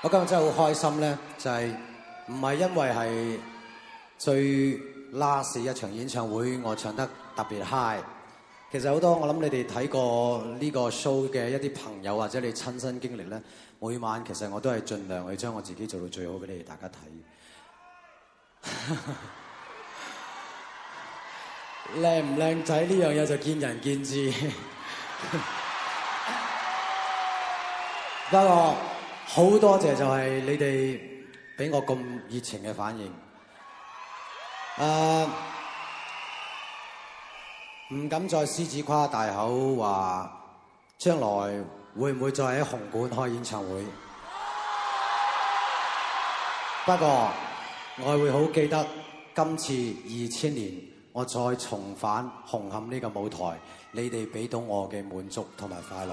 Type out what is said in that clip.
我今日真係好開心咧，就係唔係因為係最 last 一場演唱會，我唱得特別 high。其實好多我諗你哋睇過呢個 show 嘅一啲朋友或者你親身經歷咧，每晚其實我都係盡量去將我自己做到最好俾你哋大家睇。靚唔靚仔呢樣嘢就見仁見智。不 過。好多謝就係你哋俾我咁熱情嘅反應。誒，唔敢再獅子誇大口話，將來會唔會再喺紅館開演唱會。不過我會好記得今次二千年我再重返紅磡呢個舞台，你哋俾到我嘅滿足同埋快樂。